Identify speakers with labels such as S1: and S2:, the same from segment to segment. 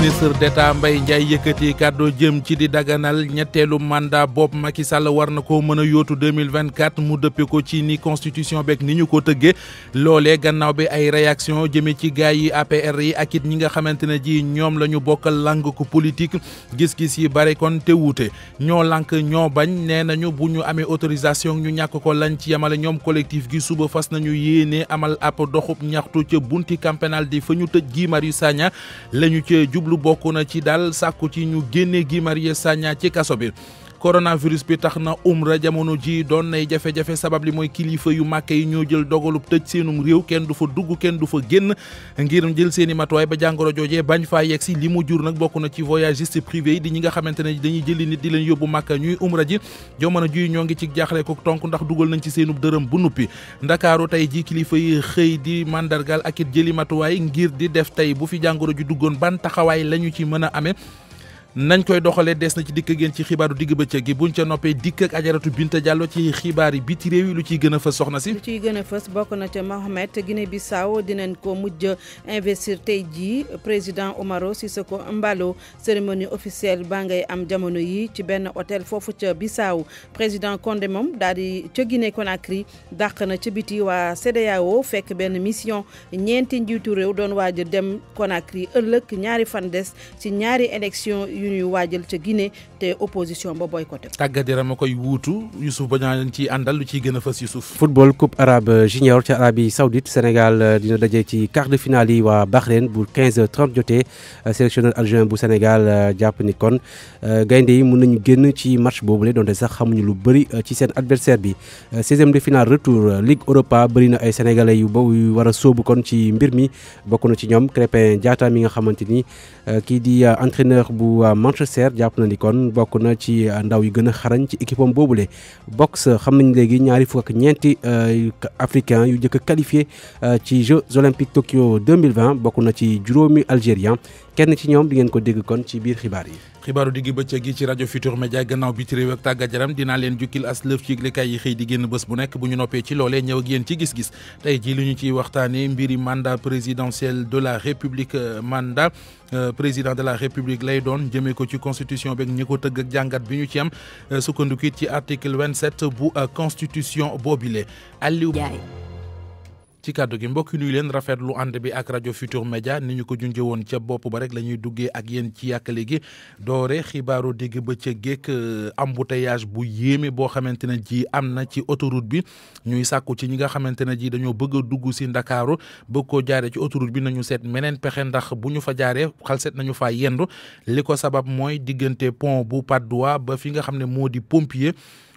S1: ministre d'État Mbaye Ndiaye yëkëti kàddu jëm ci di daganal ñettelu mandat Bob Macky Sall war na ko mëna yotu 2024 mu dëppe ko ci ni constitution beeg niñu ko tëggee lolé gannaaw bi ay réaction jëmee ci gaay yi APR yi ak it ñi nga xamantene ji ñom lañu bokal bokkal ko politique gis-gis yi bare kon té wuté ño lank ño bañ nee nañu bu autorisation ñu ñàkk ko lañ ci yamalé ñom collectif gi suba fas nañu yéenee amal ab doxub ñaxtu ci bunti campénal di fa ñu tëj Guy Marius Sagna lañu ci jublu lu bokk na ci daal sàkku ci ñu génne Guy Marius Sagna ci kaso bi coronavirus bi tax na umra jamono ji doon nay jafe-jafe sabab li mooy kilifa yu màkke yi ñoo jël dogalub tëj seenum réew kenn du fa dugg kenn du fa génn ngir jël seeni matuwaay ba jàngoro joojee bañ fa yegg si li mu jur nag bokk na ci voyagiste privé yi di ñi nga xamante ne dañuy jëli nit di leen yóbbu màkka ñuy umra ji jamono ji ñoo ngi ci jaaxle ko tonk ndax dugal nañ ci seenub dërëm bu nuppi ndakaaru tey ji kilifa yi xëy di mandargal ak it jëli matuwaay ngir di def tey bu fi jàngoro ju duggoon ban taxawaay lañu ci mën a amee nañ koy doxalee des na ci dikk géen ci xibaaru digg bëccëg gi buñ ca noppee dikk ak ajaratu Binta Diallo ci xibaar yi biti réew yi lu ciy gën a fës soxna si. lu
S2: ciy gën a fës bokk na ca Mohamed Guinée Bissau dinañ ko mujj investir tey jii président omaro Sissoco mbalo cérémonie officielle bangay ngay am jamono yi ci benn hôtel foofu ca Bissau président Condé moom daal di ca Guinée Conakry dàq na ca biti waa CEDEAO fekk benn mission ñeenti njiitu réew doon waaj dem Conakry ëllëg ñaari fan des ci ñaari élection yu ñuy waajal ca Guinée te opposition ba boycotté.
S1: tàggat yaram a koy wuutu Youssouf Bodian ci ciy àndal lu gën a fës
S3: football coupe arabe junior ci Arabie Saoudite Sénégal euh, dina daje ci quart de finale yi waa Bahreïn bu 15h30 jotee euh, sélectionneur algérien bu Sénégal euh, jàpp ni kon gaynde yi mun nañu génn ci match boobule donte sax xamuñu lu bëri ci seen adversaire bi. 16e de finale retour Ligue Europa bëri na ay sénégalais yu ba yu war a sóobu kon ci mbir mi bokk na ci ñoom Crépin Diatta mi nga xamante ni kii di entraîneur bu. manchester jàpp na eh, eh, ni kon bokk na ci ndaw yi gën a xarañ ci équipe am boobule box xam nañ léegi ñaari fukk ak ñeenti africain eh, yu njëkk qualifié ci jeux olympique tokyo 2020 bokk na ci juróomi algérien kenn ci ñoom di ngeen ko dégg kon ci biir xibaar yi
S1: xibaaru digg bëccëg ci rajo Futur Média gannaaw bi ci réew ak tàggat yaram dinaa leen jukkil as lëf ci yëglekaay yi xëy di génn bés bu nekk bu ñu ci loolee ñëw ak yéen ci gis-gis tey ji ñu ciy mbiri mandat présidentiel de la république euh, mandat euh, président de la république lay doon jëmee ko ci constitution beeg ñi ko tëgg ak jàngat bi ñu ci am euh, sukkandiku ci article 27 bu constitution boobile Aliou ci kaddu gi mbokk yi nuyu leen rafetlu ànd bi ak rajo Futur média ni ñu ko junje woon ca bopp ba rek la duggee ak yéen ci yàkkale gi doore xibaaru digg ba ca géek embouteillage bu yéeme boo xamante ne ji am na ci autoroute bi ñuy sàkku ci ñi nga xamante ne ji dañoo bëgg a dugg si ndakaaru bëgg koo jaaree ci autoroute bi nañu seet meneen pexe ndax bu ñu fa jaaree xalset nañu faa yendu li ko sabab mooy diggante pont bu Patte d'Oie ba fi nga xam ne moo di pompier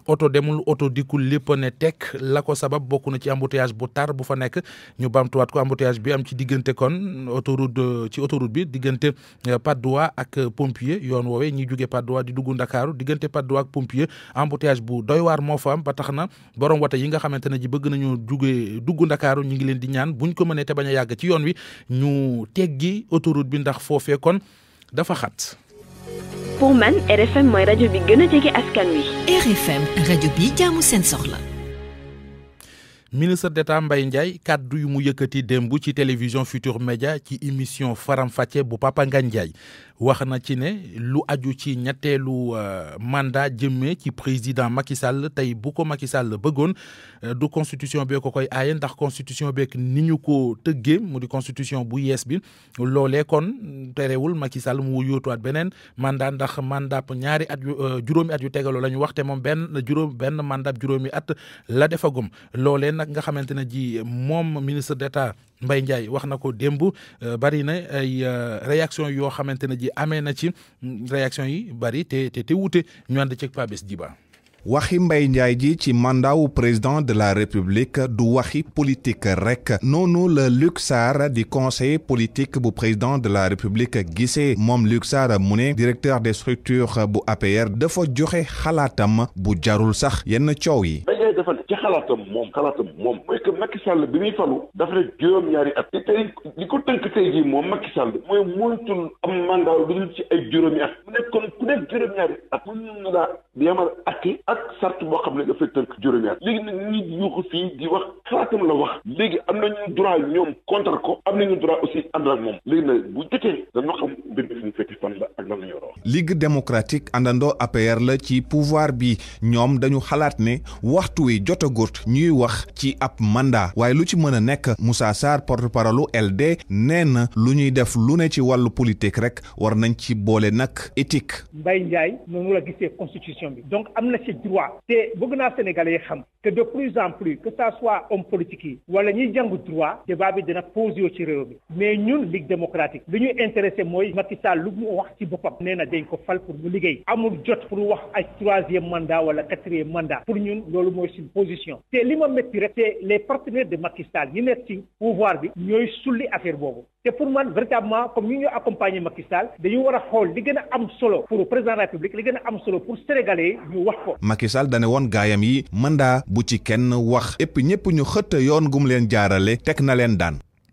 S1: oto demul oto dikkul lépp ne tekk la sabab bokk na ci embouteillage bu tar bu fa nekk ñu bamtuwaat ko embouteillage bi am ci diggante kon autoroute euh, ci autoroute bi diggante euh, Patte d'Oie ak euh, pompier yoon woowee ñi jóge Patte d'Oie di dugg Ndakaaru diggante Patte d'Oie ak pompier embouteillage bu doy waar moo fa am ba tax na borom wata yi nga xamante ne ji bëgg nañu jugee dugg Ndakaaru ñu ngi leen di ñaan buñ ko mënee te bañ a yàgg ci yoon wi ñu teggi autoroute bi ndax foofee kon dafa xat
S2: pour man RFM mooy rajo bi gën a jege askan wi. RFM rajo bi jaamu seen
S1: soxla. ministre d'État Mbaye Ndiaye kaddu yu mu yëkkati démb ci télévision Futur Média ci émission Faram Facce bu Papa Ngagne Ndiaye wax na ci ne lu aju ci ñetteelu euh, mandat jëmee ci président Macky Sall tey bu ko Macky Sall bëggoon euh, du constitution bee ko koy aaye ndax constitution beeg ni ñu ko tëggee mu di constitution bu yees bi loolee kon téréwul Macky Sall mu yóotuwaat benen mandat ndax mandat ñaari at yu euh, juróomi at yu tegaloo la ñu wax te moom benn juróom benn mandat juróomi at la defagum nag nga xamante ne ji moom ministre d'État mbay Ndiaye wax na ko démb euh, bari na ay euh, réaction yoo xamante ne ji amee na ci mm, réaction yi bari te te te wuute ñu ànd ci Pabès Diba
S4: waxi mbay Ndiaye ji ci mandat wu président de la république du waxi politique rek noonu la le luxar di conseiller politique bu président de la république gisee moom luxar Sarr mu ne directeur des structures bu APR dafa joxe xalaatam bu jarul sax yenn coow yi.
S5: koy defal ci xalaatam moom xalaatam moom mooy que Macky Sall bi muy falu dafa ne juróom-ñaari at te tey li ko tënk tey jii moom Macky Sall mooy moytul am mandat lu dul ci ay juróomi at mu nekk kon ku nekk juróom-ñaari at mu ñu laa yamal atti ak sart boo xam ne dafay tënk juróomi at léegi nag nit yuuxu fii di wax xalaatam la wax léegi am nañu droit ñoom contre ko am nañu droit aussi ànd moom léegi nag bu jotee dañoo xam mbir mi fu mu féete fan la ak lan la ñu wax
S4: Ligue démocratique ci pouvoir bi ñoom dañu xalaat waxtu wi jotagut ñuy wax ci ab mandat waaye lu ci mën a nekk Moussa Sarr porte-parole LD nee na lu ñuy def lu ne ci wàllu politique rek war nañ ci boole nag
S5: éthique. Mbaye Ndiaye noonu la gisee constitution bi donc am na ci droit te bëgg naa Sénégalais yi xam que de plus en plus que ça soit homme politique yi wala ñuy jàng droit débat bi dina posé wu ci réew mi mais ñun Ligue démocratique li ñuy intéressé mooy Macky Sall lu mu wax ci boppam nee na dañ ko fal pour mu liggéey amul jot pour wax ay troisième mandat wala quatrième mandat pour ñun loolu mooy une position c'est li ma c'est les partenaires de Macky Sall ñi nekk pouvoir bi ñooy sulli affaire boobu C'est pour moi véritablement comme ñu ñoo accompagner Macky Sall dañu war a xool li solo pour président de la République li gën solo pour sénégalais yi ñu wax ko.
S4: Macky Sall dane manda gaayam yi mandat bu ci kenn wax et puis ñëpp ñu xëtt yoon gum leen jaarale teg na leen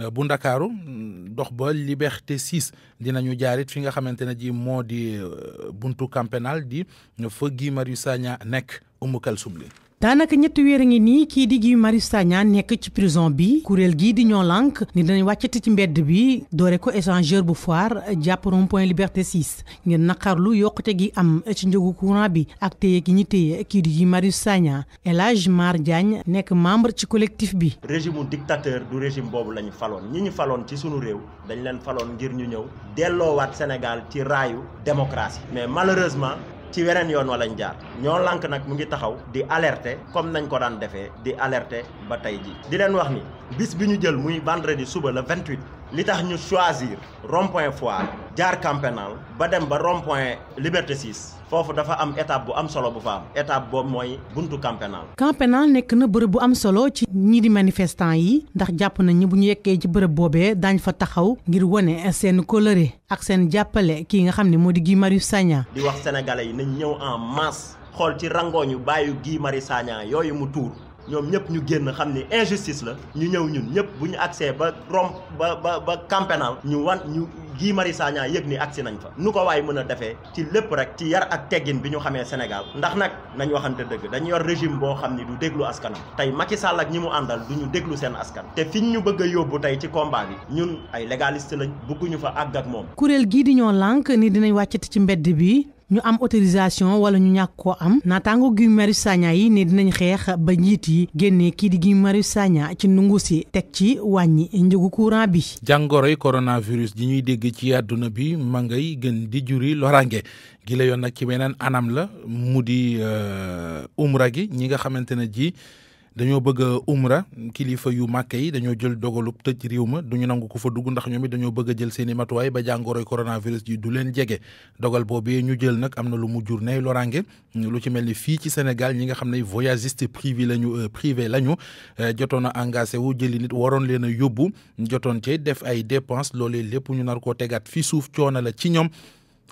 S1: Euh, bu ndakaaru mm, dox ba Liberté 6 dinañu jaarit fi nga xamante ne ji moo di euh, buntu camp pénal di fa Guy Marius Sagna nekk Oumou Kalsoum li
S6: daanaka ñetti weer a ngi nii kii di Guy Marius Sagna nekk ci prison bi kuréel gii di ñoo lànk ni danañ wàccati ci mbedd bi doore ko échangeur bu foire jàpp rond-point Liberté 6 ngir naqarlu yokkute gi am ci njëgu courant bi ak téye gi ñu téye kii di Guy Marius Sagna El Hadj Mar nekk membre ci collectif bi. régime
S7: dictateur du régim boobu lañu faloon ñi ñu faloon ci sunu réew dañu leen faloon ngir ñu ñëw delloowaat Sénégal ci raayu démocratie mais malheureusement. ci weneen yoon wala ñu jaar ñoo lànk nag mu ngi taxaw di alerter comme nañ ko daan defee di alerter ba tey ji di leen wax ni bis bi ñu jël muy vendredi suba le 28 li tax ñu choisir rond fois foire jaar camp ba dem ba rond point liberté foofu dafa am étape bu am solo bu fa am étape boobu mooy buntu camp pénal.
S6: camp nekk na bërëb bu am solo ci ñii di manifestant yi ndax jàpp nañ ni bu ñu yekkee ci bërëb boobee daañ fa taxaw ngir wane seen coloré ak seen jàppale kii nga xam ne moo di Guy mari Sagna.
S7: di wax sénégalais yi nañ ñëw en masse xool ci rangooñu bàyyi gii mari Sagna yooyu mu tuur. ñoom ñëpp ñu génn xam ni injustice la ñu ñëw ñun ñëpp bu ñu accès ba romb ba ba ba camp ñu wan ñu Guy Marius Sagna yëg ni agsi nañ fa nu ko waay mën a defee ci lépp rek ci yar ak teggin bi ñu xamee Sénégal ndax nag nañ waxante dëgg dañu yor régime boo xam ni du déglu askanam tey Macky Sall ak ñi mu àndal du déglu seen askan te fiñ ñu bëgg a yóbbu tey ci combat bi ñun ay légaliste lañ bëgguñu fa àgg ak moom
S6: kuréel gii di ñoo lànk ni dinañ wàccati ci mbedd bi ñu am autorisation wala ñu ñàkk koo am naataango Guy Marius Sagna yi ne dinañ xeex ba njiit yi génnee kii di Guy Marius Sagna ci nungu si teg ci wàññi njëgu courant bi.
S1: jàngoroy coronavirus ji ñuy dégg ci àdduna bi ma ngay gën di juri loraange gi yoon nag ci beneen anam la mu di euh, umra gi ñi nga xamante ne ji. dañoo bëgg a umra kilifa yu màkk yi dañoo jël dogalub tëj réew ma du ñu nangu ko fa dugg ndax ñoom it dañoo bëgg jël seeni matuwaay ba jàngoroy coronavirus ji du leen jege dogal boobee ñu jël nag am na lu mu jur nay loraange lu ci mel ni fii ci Sénégal ñi nga xam ne voyagiste privé lañu euh, privé lañu euh, jotoon a engagé wu jëli nit waroon leen a yóbbu jotoon cee def ay dépenses loolee lépp ñu nar koo tegaat fii suuf coono la ci ñoom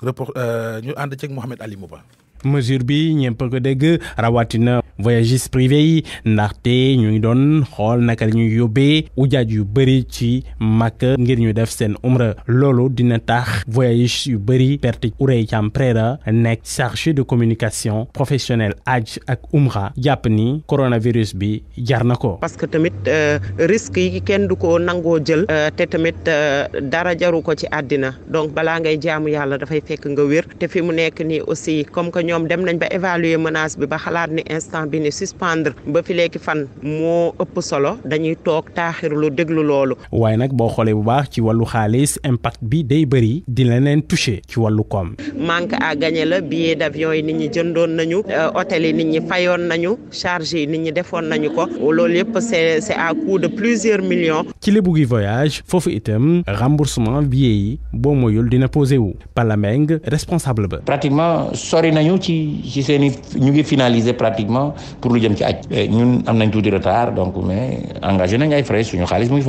S1: report euh, ñu ànd ceeg Mouhamed Ali Mouba
S8: mesure bi ñëpp ko dégg rawatina voyagistes privés yi ndaxte ñu ngi doon xool naka ñu yobé u jaaj yu bari ci Makka ngir ñu def sen umra lolu dina tax voyagistes yu bëri perte ci am Prera nek chargé de communication professionnelle aj ak umra jàpp coronavirus bi jar
S7: parce que tamit euh, risque yi kenn du ko jël. Euh, té tamit euh, dara jaru ko ci adina donc bala ngay jaamu da fay fekk nga wër té fi mu nekk aussi comme que ñoom dem nañ ba évaluer menace bi ba xalaat ni instant bi ni suspendre ba fi léegi fan moo ëpp solo dañuy toog taaxirlu déglu loolu.
S8: waaye nag boo xoolee bu baax ci wàllu xaalis impact bi day bëri dina leen touché ci wàllu koom.
S7: manque à gagner la billet d'avion yi nit ñi jëndoon nañu euh, hôtel yi nit ñi fayoon nañu charge yi nit ñi defoon nañu ko loolu yëpp c'est c'est à coût de
S8: plusieurs millions. ci lébu gi voyage foofu itam remboursement billet yi boo moyul dina posé wu. Palameng responsable ba. pratiquement sori nañu ci ci seen ñu
S9: pratiquement pour lu jëm ci a eh, ñun am nañ retard donc mais engagé nañ ay frais suñu xaalis mu ngi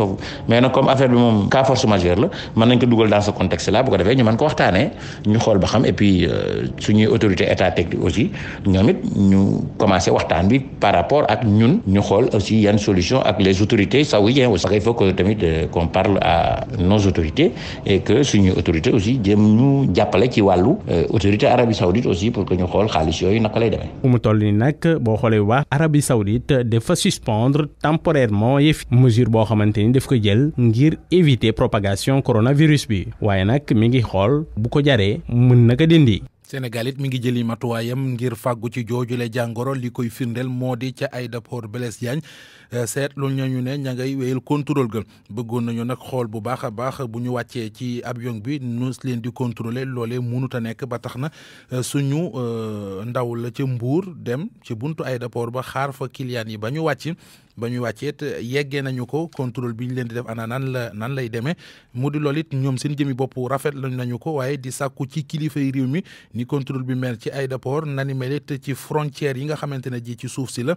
S9: mais comme affaire bi moom cas force majeure la mën nañ ko dans ce contexte là bu ko defee ñu mën ko waxtaanee ñu xool ba xam et puis euh, suñuy autorité état aussi ñoom it ñu commencé waxtaan bi par rapport ak Nous ñu xool aussi une solution avec les autorités saoudiennes aussi il faut que tamit euh, qu'on parle à nos autorités et que une autorité aussi jëm ñu jàppale ci wàllu euh, autorité arabie saoudite aussi pour que ñu xool xaalis yooyu naka lay demee.
S8: fu mu toll nii nag boo xoolee wax Arabie Saoudite dafa suspendre temporairement yëf mesure boo xamante ni daf ko jël ngir éviter propagation coronavirus bi waaye nag mi ngi xool bu ko jaree mën na ko dindi.
S1: Sénégal mi ngi jëli matuwaayam ngir fàggu ci joojule jàngoro li koy firndeel moo di ca aéroport Blaise Diagne. Eh, seetlu nañu ne ña ngay wéyal contrôle ga bëggoon nañu nag xool bu baax a baax bu ñu wàccee ci avion bi nus leen di contrôler loole mënut a nekk ba tax na eh, suñu eh, ndaw la ca Mbour dem ci buntu aéroport ba xaar fa client yi ba ñu wàcc ba ñu wàccee te yeggee nañu ko contrôle bi ñu leen di def ana nan la nan lay demee mu di loolu it ñoom seen jëmi bopp rafet lañ nañu ko waaye di sàkku ci kilifa yi réew mi ni contrôle bi mel ci aéroport nani mel it ci frontière yi nga xamante ne ji ci suuf si la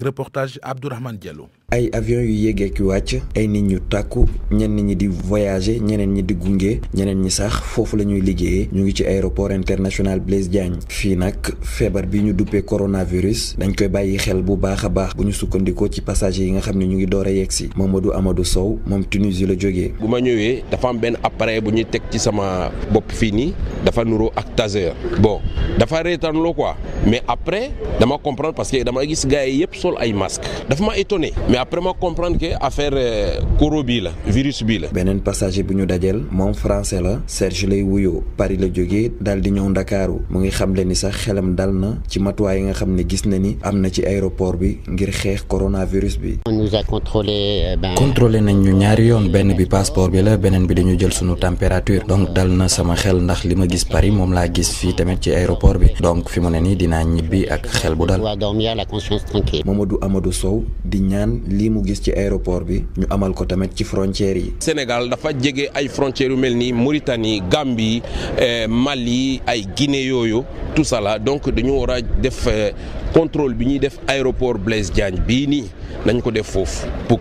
S1: reportage Abdourahmane Diallo
S10: ay avion yu yéegee ki wàcc ay nit ñu tàkku ñenn ñi di voyager ñeneen ñi di gunge ñeneen ñi sax foofu la ñuy liggéeyee ñu ngi ci aéroport international Blaise Diagne fii nag feebar bi ñu duppee coronavirus dañ koy bàyyi xel bu baax a baax bu ñu sukkandikoo ci passagers yi nga xam ne ñu ngi door a yegg Mamadou Amadou Sow moom Tunisie la jógee.
S9: bu ma ñëwee dafa am benn appareil bu ñuy teg ci sama bopp fii nii dafa nuroo ak taser bon dafa reetaanloo quoi mais après dama comprendre parce que dama gis gars yi yëpp sol ay masque. daf ma étonné mais après ma comprendre que affaire faire bii la
S10: virus bi la. benen passager bu ñu dajeel moom français la Serge lay wuyoo Paris la jógee daal di dakar Ndakaaru mu ngi xamle ni sax xelam dal na ci matuwa yi nga xam ne gis na ni am na ci aéroport bi ngir xeex coronavirus bi. Eh ben, contrôlé nañ ñu ñaari yoon benn bi passeport bi la benen bi dañu jël suñu température donc dal na sama xel ndax lima gis Paris mom la gis fi tamit ci aéroport bi donc fi mu ne nii dinaa ñibbi ak xel bu dal. Mamadou Amadou Sow di ñaan. lii mu gis ci aéroport bi ñu amal ko tamit ci frontières yi.
S9: Sénégal dafa jege ay frontières yu mel ni Mauritanie Gambie eh, Mali ay Guinée yooyu tout ça donc dañu war a def eh, contrôle bi ñuy def aéroport Blaise Diagne bii nii nañ ko def foofu pour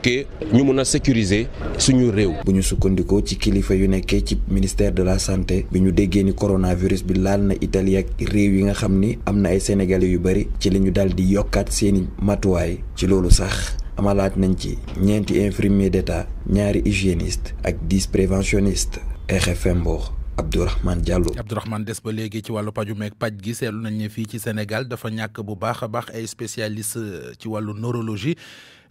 S9: ñu mun a sécuriser
S10: suñu réew. bu ñu sukkandikoo ci kilifa yu nekkee ci ministère de la santé bi ñu déggee ni coronavirus bi laal na Italie ak réew yi nga xam ni am na ay sénégalais yu bari ci li ñu daal di yokkaat seeni matuwaay ci loolu sax. amalaat nañ ci ñeenti infirmier d'état ñaari hygiéniste ak dix préventionniste RFM Mbour jàll Diallo
S1: Abdourahmane des ba léegi ci wàllu paju meeg paj gi seetlu nañ ne fii ci Sénégal dafa ñàkk bu baax a baax ay spécialiste euh, ci wàllu neurologie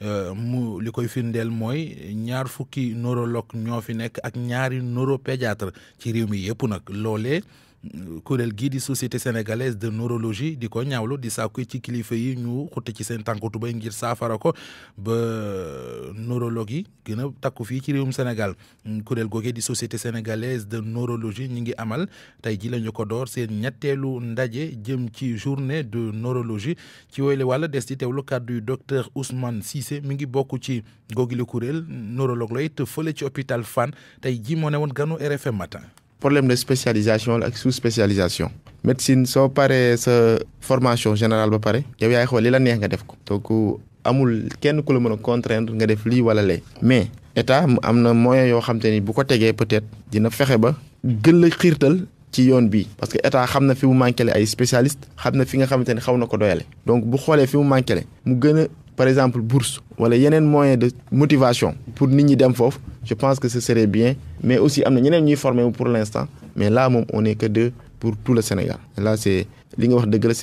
S1: euh, mu li koy firndeel mooy ñaar fukki neurologue ñoo fi nekk ak ñaari neuropédiatre ci réew mi yëpp nag loole kuréel gii di société sénégalaise de neurologie di ko ñaawlu di saaku ci kilifa yi ñu xutti ci seen tànkatu bay ngir saafara ko ba neurologue yi takku fii ci réewum Sénégal kuréel googee di société sénégalaise de neurologie ñu ngi amal tey ji lañu ko door seen ñetteelu ndaje jëm ci journée de neurologie ci woyle wàlla des di teewlu kàddu yi docteur Ousmane Cissé mi ngi bokk ci googile kuréel neurologue la it fële ci hôpital fan tey ji moo ne woon ganu RFM matin
S11: problème de spécialisation ak sous spécialisation médecine so paree sa formation générale ba pare yow yay xol li la neex nga def ko donc amul kenn ku la mën a contraindre nga def li wala lé mais état amna moyen yo xam bu ko tégué peut-être dina fexé ba gën la xiirtal ci yoon bi parce que état xamna fi mu manqué ay spécialiste xamna fi nga xamante xawna ko doyalé donc bu xolé fi mu manqué mu gëna par exemple bourse wala yenen moyen de motivation pour nit ñi dem foofu je pense que ce serait bien mais aussi amna ñeneen ñuy formé pour l'instant, mais là on est que deux pour tout le Sénégal là c'est... li nga wax deug la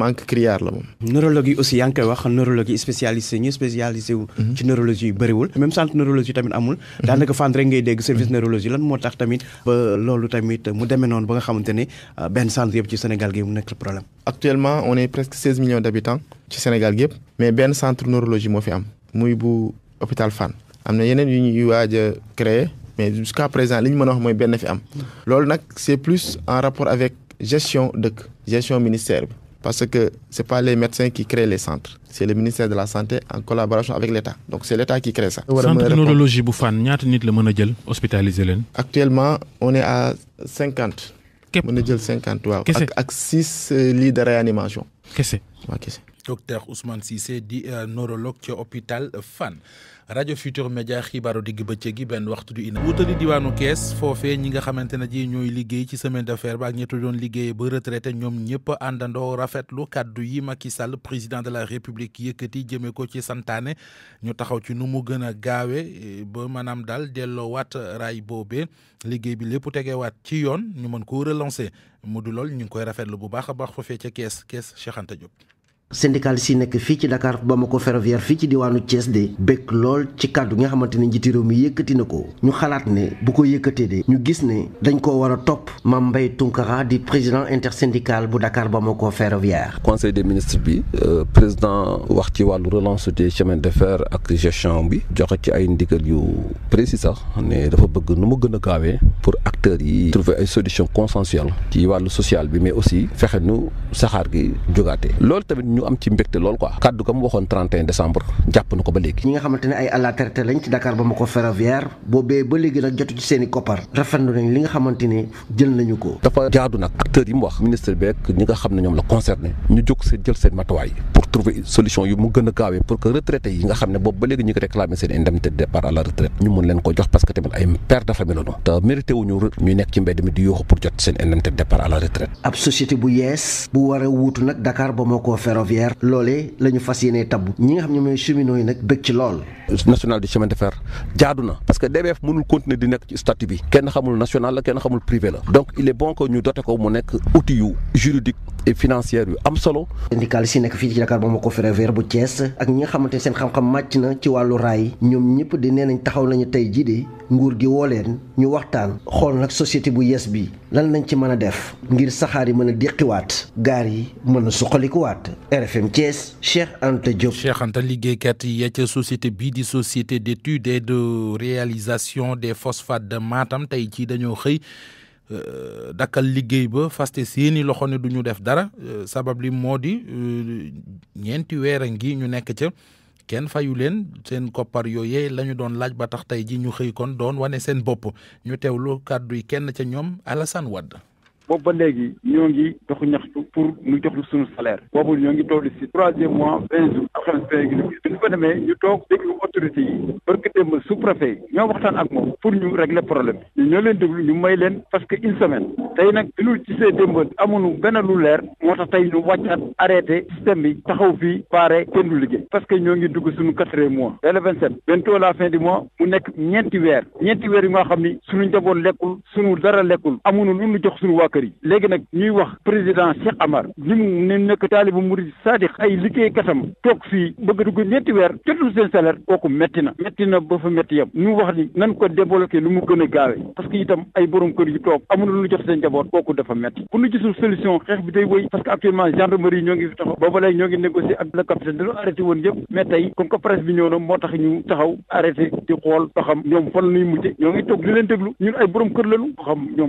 S11: manque criard la neurologie neurologue aussi yaa koy wax neurologue yi spécialisé ñu spécialisé mhm. ci neurologie yu bëriwul. même centre neurologie tamit amul. Mhm. naka fan rek ngay dégg service neurologie lan moo tax tamit ba loolu tamit mu démé non ba nga xamanteni euh, ben centre yeb ci Sénégal gi mu nekk problème. actuellement on est presque 16 millions d'habitants ci Sénégal gi mais ben centre neurologie mo fi am muy bu hôpital fan amna yu ñuy waja a créé mais jusqu'à présent c'est plus en rapport avec gestion du gestion ministère parce que c'est pas les médecins qui créent les centres c'est le ministère de la santé en collaboration avec l'État donc c'est l'État qui crée ça. centre neurologie actuellement on est à 50. On mëna jël 50 waaw. Euh, lits de réanimation. quest que
S1: docteur Ousmane c'est di euh, neurologue ci hôpital fan rajo Futur Média xibaaru digg ba gi benn waxtu du ina wutali diwaanu kees foofee ñi nga xamante ne ji ñooy liggéey ci semaine d'affaires ba ak ñetu doon liggéey ba retraité ñoom ñëpp àndandoo rafetlu kàddu yi Macky Sall président de la république yëkkati jëmee ko ci santaane ñu taxaw ci nu mu gën a gaawe ba maanaam daal delloo waat raay boobee liggéey bi lépp tegewaat ci yoon ñu mën koo relancer mu du lool ñu ngi koy rafetlu bu baax a baax foofee ca kees kees Cheikh Anta
S12: syndical yi nek fi ci Dakar Bamako ferroviaire fi ci diwanu Thiès bekk bëgg lool ci kàddu nga xamanteni njiti njiiti réew mi yëkkati na ko ñu xalaat ne bu ko yëkkatee de ñu gis ne dañ ko war a topp Mame Mbaye Tounkara di président intersyndical bu Dakar Bamako ferroviaire.
S9: conseil des ministres bi euh, président wax ci wàllu relance des chemins de fer ak gestion bi joxe ci ay ndigal yu précis sax ne dafa bëgg nu mu gën a gaawee pour acteurs yi trouver ay solutions consensuelles ci wàllu social bi mais aussi fexe nu saxaar gi jógaatee loolu tamit ñu am ci mbégte lool quoi kaddu ga waxoon 31 décembre jàpp ba léegi
S12: ñi nga xamante ay à la traité ci Dakar ba ma ko ferroviaire boobee ba léegi nag jotu ci seen koppar rafetlu nañ li nga xamante jël nañu ko
S9: dafa jaadu nag acteurs yi mu wax ministre beeg ñi nga xam ne ñoom la concerné ñu jóg seen jël seen matuwaay pour trouver solution yu mu gën gaawee pour que retraités yi nga xam ne boobu ba léegi ñu ngi seen indemnité
S12: ferroviaire lolé lañu fassiyéné tabu yéenee ñi nga xam ne mooy cheminots yi nak bëc ci lool.
S9: national du chemin de fer jaaduna parce que DBF mënul continuer di nekk ci statut bi kenn xamul national la kenn xamul privé la donc il est bon que ñu doté ko mu nekk outil yu juridique et financière yu am solo.
S12: syndical yi nekk fi ci Dakar moom moo ko ferroviaire bu Thiès ak ñi nga xamante seen xam-xam match na ci walu ray ñom ñëpp di nee taxaw lañu tay ji de nguur gi woo ñu waxtaan xol nak société bu yes bi lan lañ ci mëna def ngir saxaar yi mën a déqiwaat gaar yi mëna a waat RFM Kies, Cheikh Anta Diop. Cheikh
S1: Anta liggéeykat yi ya ca société bii di société d'études et de réalisation des phosphates de Matam tey ci dañoo xëy. Euh, dakkal liggéey ba faste seeni loxo ne du ñu def dara euh, sabab li moo di euh, ñeenti weer a ngi ñu nekk ca kenn fayu leen seen koppar yooyee la ñu doon laaj ba tax tey ji ñu xëy kon doon wane seen bopp ñu teewlu kàddu yi kenn ca ñoom Alassane Wade
S13: boobu ba léegi ñoo ngi dox ñaxtu pour ñu jox suñu salaire boobu ñoo ngi toll si troisième mois vingt jours alxames bi ñu fa demee ñu toog déglu autorité yi barke démb sous préfet ñoo waxtaan ak moom pour ñu régler problème bi ñu ñoo leen déglu ñu may leen parce que une semaine tey nag bi ñu gisee démb amuñu benn lu leer moo tax tey ñu wàccaat arrêté système bi taxaw fii pare kenn du liggéey parce que ñoo ngi dugg suñu quatrième mois dès le vingt sept bientôt la fin du mois mu nekk ñeenti weer ñeenti weer yi nga xam ni suñu njaboot lekkul suñu dara lekkul amuñu lu ñu jox suñu waa kër yi léegi nag ñuy wax président Cheikh Amar ñi mu nekk taalibu murid sadiq ay liggéey katam toog fii bëgg dugg ñetti weer jotul seen salaire kooku metti na metti na ba fa metti yam ñu wax ni nan ko débloqué lu mu gën a gaawe parce que itam ay borom kër yu toog amul lu jox seen njaboot kooku dafa metti ku ñu gisul solution xeex bi day wëy parce que actuellement gendarmerie ñoo ngi taxaw booba lay ñoo ngi négocier ak na moo tax ñu taxaw arrêté di xool ba xam ñoom fan lañuy la ñuy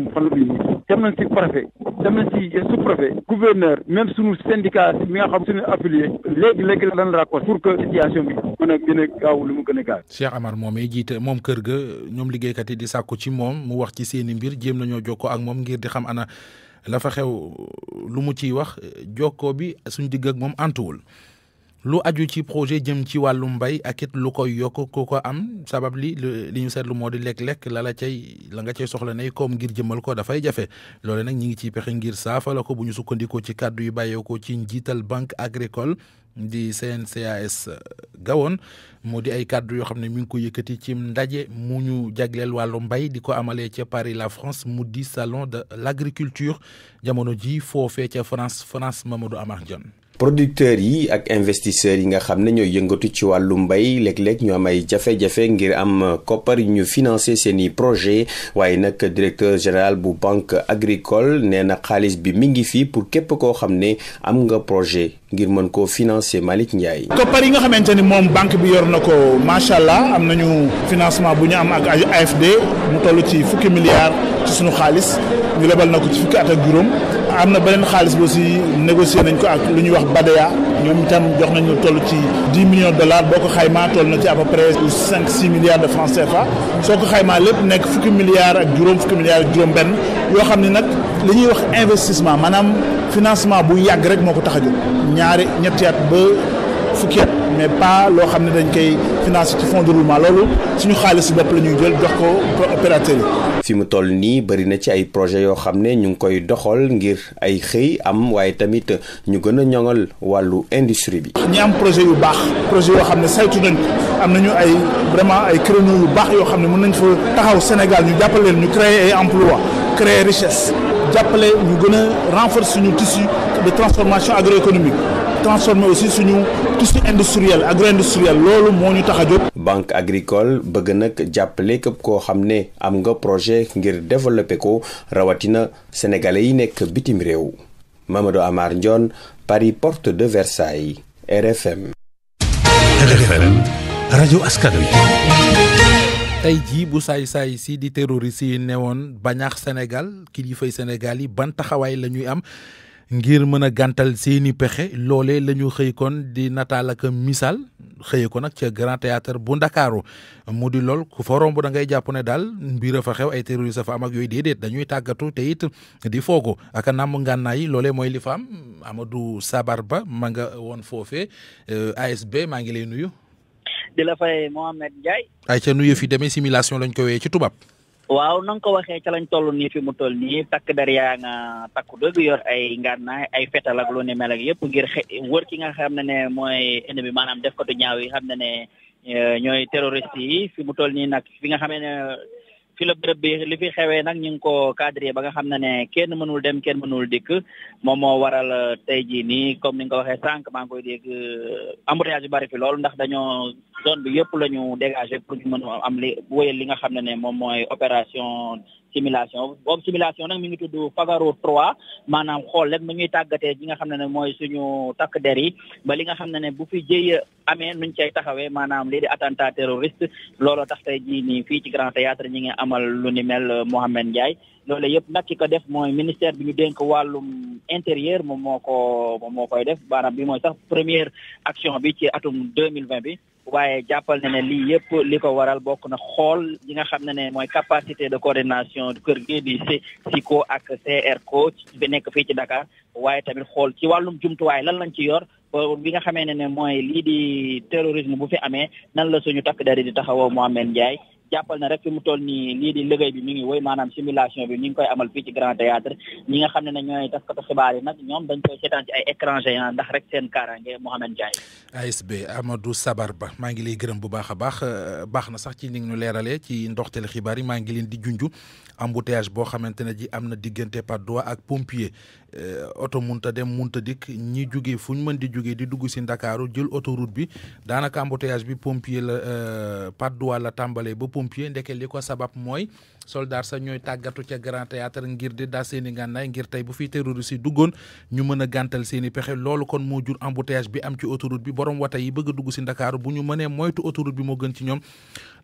S13: mujje dem nañ préfet dem nañ ci sous gouverneur même suñu syndicat bi nga xam suñu affilié léegi léegi la
S1: lan raccord pour que situation bi mën a gaaw lu mu gën a gaaw Cheikh Amar moomee jiite moom kër ga ñoom liggéeykat yi di sàkku ci moom mu wax ci seeni mbir jéem nañoo jokkoo ak moom ngir di xam ana la fa xew lu mu ciy wax jokkoo bi suñ digg ak moom antuwul lu aju ci projet jëm ci wàllum mbay ak it koy yokk ku ko am sabab li li ñu seetlu moo di lekk-lekk la la cay la nga cay soxla ne comme ngir jëmmal ko dafay jafe loole nag ñi ngi ci pexe ngir ko bu ñu sukkandikoo ci kàddu yu ko ci njiital banque agricole di CNCAS gawoon moo di ay kàddu yoo xam ne mi ngi ko yëkkati ci ndaje mu ñu jagleel mbay di ko amalee ca Paris la France mu di salon de l'agriculture jamono ji foofee ca France France Mamadou Amar Dione
S14: producteurs yi ak investisseur yi nga xam ne ñooy yëngatu ci wàllu mbay léeg-léeg ñu am ay jafe-jafe ngir am koppar yu ñu financer seen i projet waaye nag directeur général bu banque agricole nee na xaalis bi mi ngi fii pour képp koo xam ne am nga projet ngir mën koo financer Malick Ndiaye.
S4: koppar yi nga xamante ni moom banque bi yor na ko macha allah am ñu financement bu ñu am ak AFD mu toll ci fukki milliards ci sunu xaalis ñu lebal na ko ci fukki at amna benen xaliss bo si négocier négocié nañ ko ak luñu wax Badea ñom tam jox nañu toll ci 10 millions de dollars boko ko xaymaa toll na ci à peu près 5 6 milliards de francs CFA soo ko xaymaa lépp nekk fukki milliards ak juroom fukki milliards juroom ben yo xamni nak liñuy wax investissement manam financement bu yag rek moko taxaju ñaari ñetti at ba fukki at mais pas lo xamni dañ koy financer ci fonds de roulement lolu suñu
S14: xaliss bopp lañuy jël jox ko opérateur yi fi toll nii bari na ci ay projet yoo xam ne ñu ngi koy doxal ngir ay xëy am waaye tamit ñu gën a ñoŋal wàllu industrie bi.
S4: ñi am projet yu baax projet yoo xam ne saytu nañ am nañu ay vraiment ay créneaux yu baax yoo xam ne mën nañ fa taxaw Sénégal ñu jàppaleen ñu créer ay emploi créer richesse jàppale ñu gën a renforcer suñu tissu de transformation agroéconomique transformé aussi
S14: suñu tissu industriel agro-industriel lolu moo ñu banque agricole bëgg nak jappelé ko koo xam am nga projet ngir développer ko rawatina sénégalais yi nek bitim réew Mamadou Amar Ndione Paris porte de Versailles RFM. RFM radio askan
S1: tay tey bu say say si di terroriste yi newoon bañax Sénégal kilifa Sénégal yi ban taxaway lañuy am ngir mën a gàntal seeni pexe loole la ñu xëy kon di nataal ak misaal xëye ko nag ca grand théâtre bu ndakaaru mu di lool ku fa romb da ngay jàpp ne daal mbir a fa xew ay terroriste fa am yooyu déedéet dañuy tàggatu te it di foogu ak namm ngànnaay loolee mooy li fa am Amadou Sabar Ba ma nga woon foofee euh, ASB maa ngi lay nuyu.
S15: di la fay Mohamed Ndiaye.
S1: ay ca nuyu fi demee simulation lañ ko wéyee ci tubaab.
S15: waaw nang ko waxee ca lañ toll nii fi mu toll nii takk der yaa nga takku dëgg yor ay ngaan naa ay fetal ak lu ni mel ak yëpp ngir wër ki nga xam ne ne mooy ennemi maanaam def ko du ñaaw yi xam ne ne ñooy terroriste yi fi mu toll nii nag fi nga xamee ne fi la bërëb bi li fi xewee nag ñu ngi ko cadrier ba nga xam ne ne kenn mënul dem kenn mënul dikk moom moo waral eh, tey jii nii comme ni nga waxee sànq maa ngi koy dégg embouteillage bari fi loolu ndax dañoo zone bi yëpp lañu ñu dégagé pour ñu mën am li woyal li nga xam ne ne moom mooy opération simulation boobu simulation nag mi ngi tudd fagaru 3 maanaam xool rek nu ñuy tàggatee gi nga xam ne ne mooy suñu takk der yi ba li nga xam ne ne bu fi jëye amee nuñ cay taxawee maanaam lii di attentat terroriste looloo tax tey jii nii fii ci Grand Théâtre ñi ngi amal lu ni mel Mohamed Ndiaye loolu yëpp nag ko def mooy ministère bi ñu dénk wàllum intérieur moom moo ko moom moo koy def maanaam bi mooy sax première action bi ci atum 2020 bi waaye jàppal na ne lii yëpp li ko waral bokk na xool yi nga xam ne ne mooy capacité de coordination kër gi di SICO ak CRCO bi nekk fii ci Dakar waaye tamit xool ci wàllum jumtuwaay lan lañ ci yor bi nga xamee ne ne mooy lii di terrorisme bu fi amee nan la suñu takk dari di mu Mohamed Ndiaye jàppal na rek fi mu toll nii lii di liggéey bi mi ngi woy maanaam simulation bi mi ngi koy amal fii ci grand théâtre ñi nga xam ne ne ñooy taskatu xibaar yi nag ñoom dañ koy seetaan ci ay écran géant rek seen kaaraange Mohamed Ndiaye
S1: ASB Amadou Sabar Ba maa ngi lay gërëm bu baax a baax euh, baax na sax ci ni ñu leeralee ci ndoxteel xibaar yi maa ngi leen di junj embouteillage boo xamante ne ji am na diggante Patte d'Oie ak pompier euh, oto munta dem munta dikk ñi jóge fu ñu mën di jugee di dugg si Ndakaaru jël autoroute bi daanaka embouteillage bi pompier la euh, Patte d'Oie la tàmbalee ba pompier ndeke li ko sabab mooy soldat sa ñooy tàggatu ca grand théâtre ngir di daa seen i ngànnaay ngir tey bu fi terroriste yi duggoon ñu mën a gàntal seen i pexe loolu kon moo jur embouteillage bi am ci autoroute bi borom wata yi bëgg a dugg si Ndakaaru bu ñu mënee moytu autoroute bi moo gën ci ñoom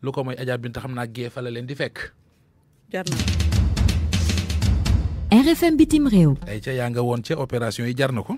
S1: lu ko mooy ajaar bi xam naa gée fa leen di fekk.
S2: jar RFM bitim réew.
S1: ay ca yaa nga woon ca opération yi jar na ko.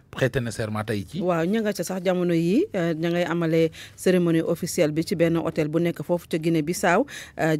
S1: prêter na tay ci waaw ña nga
S2: ca sax jamono yi eh, ña ngay amalé cérémonie officielle bi ci ben hôtel bu nekk fofu ci Guinée Bissau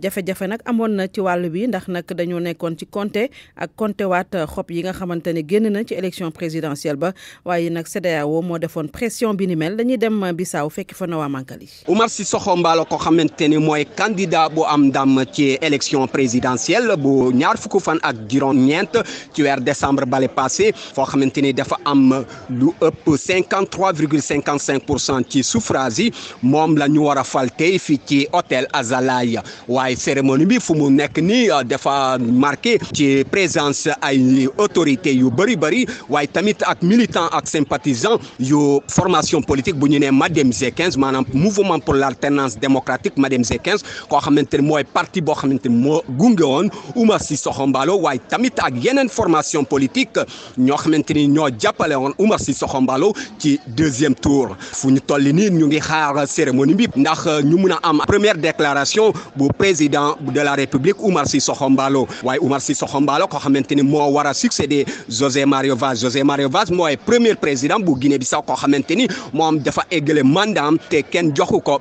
S2: jafé eh, jafé nak amoon na ci walu bi ndax nak dañu nekkoon ci compté ak compté wat xop yi nga xamante ne génn na ci élection présidentielle ba waye nak CEDEAO mo defoon pression bi ni mel dañuy dem Bissau fekk fa na waa Mankali
S14: Umar Sissoco Embaló ko xamante moy candidat bu am dam ci élection présidentielle bu ñaar fukki fan ak juróom-ñeent ci wér décembre balé passé fo xamante dafa am lu ëpp 53,55 ci suffrage yi moom la ñu war a fal tey ci hôtel Azalaï waaye cérémonie bi fu mu nekk nii euh, dafa marqué ci présence ay autorités yu bari bari waaye tamit ak militants ak sympathisants yu formation politique bu ñu nee Madem G15 maanaam mouvement pour l'alternance démocratique Madem G15 koo xamante ne mooy parti boo xamante ne moo gunge woon Ouma Sissoko Embaló waaye tamit ak yeneen formation politique ñoo xamante ni ñoo jàppale woon Thioum Sissoko Mballo ci deuxième tour fu ñu toll nii ñu ngi xaar cérémonie bi ndax ñu mëna am première déclaration bu président de la république Oumar Sy Mballo waaye Oumar Sy Mballo ko xamanteni mo wara succéder José Mario Vaz José Mario Vaz mooy premier président bu Guinée-Bissau ko xamanteni mo am dafa eggale mandat te kenn joxu coup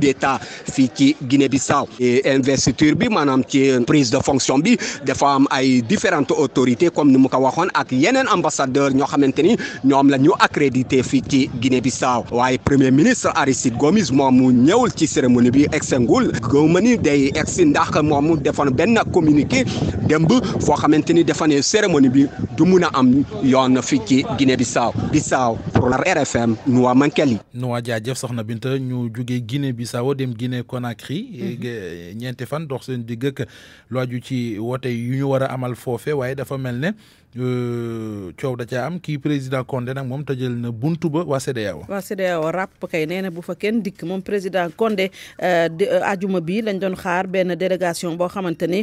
S14: d'état fi ci Guinée-Bissau et investiture bi manam ci prise de fonction bi dafa am ay différentes autorités comme ni mu ko waxone ak yenen ambassadeur ño xamanteni ñoom la ñu accrédité fii ci Guinée Bissau waaye premier ministre Aristide Gomis moom mu ñëwul ci cérémonie bi exengul gëwma ni day egsi ndax moom mu defoon benn communiqué démb foo xamante ni dafa ne cérémonie bi du mun a am yoon fii ci Guinée Bissau Bissau pour la RFM Noa Mankeli.
S1: Noa jaajëf soxna Binta ñu jugee Guinée Bissau dem Guinée Conakry. Mhm. Eh, ñeenti fan ndox seen digg ak lu aju ci woote yu ñu war a amal foofe waaye dafa mel ne. Euh, coow da caa am kii président Condé nag moom tëjal na buntu ba waa CEDEAO.
S2: waa CEDEAO ràpp kay nee bu fa kenn dikk moom président Condé euh, euh, ajuma bi lañ doon xaar benn délégation boo xamante ni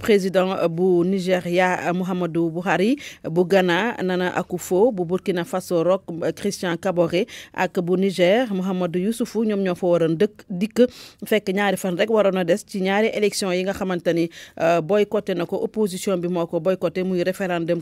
S2: président bu Nigéria Muhammadu Buhari bu Ghana Nana Akufo bu Burkina Faso Roch Christian Kaboré ak bu Niger Mouhamadou Youssoufou ñoom ñoo fa waroon dëkk dikk fekk ñaari fan rek waroon a des ci ñaari élection yi nga xamante ni boycotté na ko opposition bi moo ko boycotté muy référendum.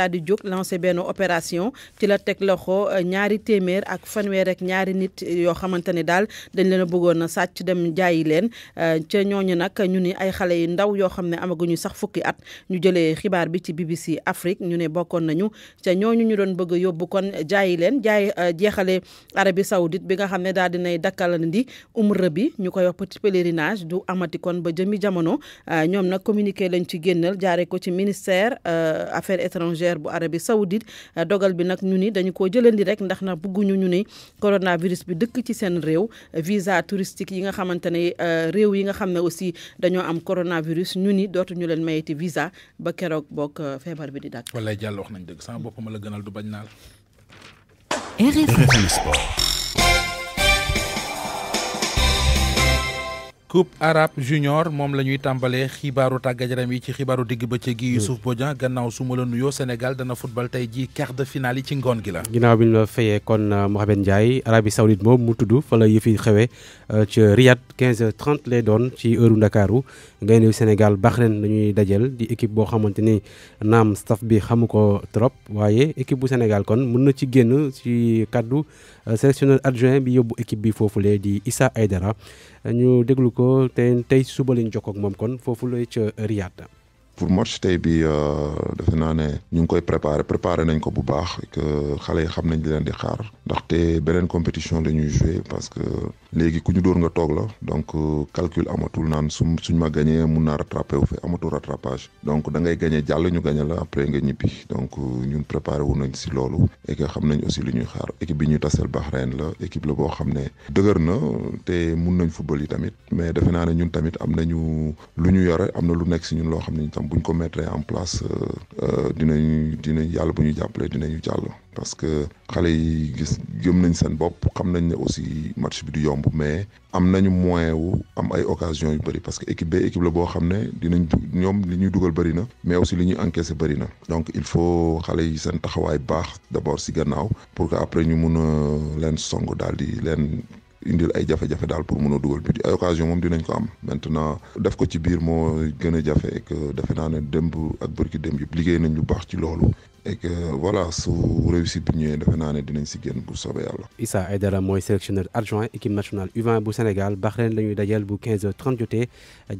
S2: daal di jóg lancé benn opération ci la teg loxo euh, ñaari téeméer ak fanweer rek ñaari nit yoo xamante ne daal dañ leen a bëggoon a sàcc dem jaayi leen euh, ca ñooñu nag ñu ni ay xale yu ndaw yoo xam ne amaguñu sax fukki at ñu jële xibaar bi ci BBC Afrique ñu ne bokkoon nañu ca ñooñu ñu doon bëgg a yóbbu kon jaayi leen jaay euh, jeexale Arabie Saoudite bi nga xam ne daal dinay dakkalandi umra bi ñu koy wax petit pèlerinage du amati kon ba jëmi jamono ñoom nag communiqué lañ ci génnal jaare ko ci ministère sanitaire bu Arabie Saoudite eh, dogal bi nag ñu ni dañu koo jëlandi rek ndax na bëgguñu ñu ni coronavirus bi dëkk ci seen réew eh, visa touristique yi nga xamante ne eh, réew yi nga xam ne aussi dañoo am coronavirus ñu ni dootuñu leen mayeti visa ba keroog boog feebar bi di dàkk.
S1: walaay jàll wax nañ dëgg sama boppam la gënal du bañ naa RFM coupe arabe junior moom la ñuy tàmbalee xibaaru tàggat yaram yi ci xibaaru ba ci yi Youssouf Bodian gannaaw su ma la nuyoo Sénégal dana football tey jii quart de finale yi ci ngoon gi la.
S3: ginnaaw bi ñu la fayee kon euh, Mohamed Ndiaye Arabie Saoudite moom mu tudd fa la yëfi xewee euh, ci Riyad 15h30 doon ci heure Ndakaaru gaynde Sénégal Bahreïn la ñuy dajal di équipe boo xamante ni naam staff bi xamu ko trop waaye équipe bu Sénégal kon mën na ci génn ci kaddu euh, sélectionneur adjoint bi yóbbu équipe bi foofulee di Issa Aydara. ñu déglu ko te tey suba lañ jokkoog moom kon foofu lay ca Riyad.
S16: pour match tey bi euh, defe naa ne ñu ngi koy préparer préparer nañ ko bu baax que xale yi xam nañ leen di xaar ndaxte beneen compétition la ñuy parce que léegi ku ñu dóor nga toog la donc euh, calcul amatul naan su suñ ma gagné mun naa rattrapé wu fi amatul rattrapage donc dangay ngay gagné jàll ñu gagné la après nga ñibbi donc euh, ñun préparé wu nañ si loolu et xam nañ aussi lu ñuy xaar équipe bi ñuy taseel Bahreïn la équipe la boo xam ne dëgër na te mun nañ football yi tamit mais defe naa ne ñun tamit am nañu lu ñu yore am na lu nekk si ñun loo xam ne ñu tam buñ ko mettre en place euh, dinañ dinañ yàlla bu ñu jàppale dinañu jàll. parce que xale yi gis gëm nañ seen bopp xam nañ ne aussi match bi du yomb mais am nañu moyen wu am ay occasion yu bëri parce que équipe ba équipe la boo xam ne dinañ ñoom li ñuy dugal bëri na mais aussi li ñuy encaissé bëri na donc il faut xale yi seen taxawaay baax d'abord si gannaaw pour que après ñu mun a leen song daal di leen indil ay jafe-jafe daal pour mun a dugal but ay occasion moom dinañ ko am maintenant def ko ci biir moo gën a jafe que defe naa ne démb ak bërki démb yëpp liggéey nañ lu baax ci loolu et que voilà su réussite bi ñëwee defe naa dinañ si génn bu soobee yalla Issa Aydara moy sélectionneur
S3: adjoint équipe nationale U20 bu Sénégal Bahreïn lañuy dajal bu 15h30 jotee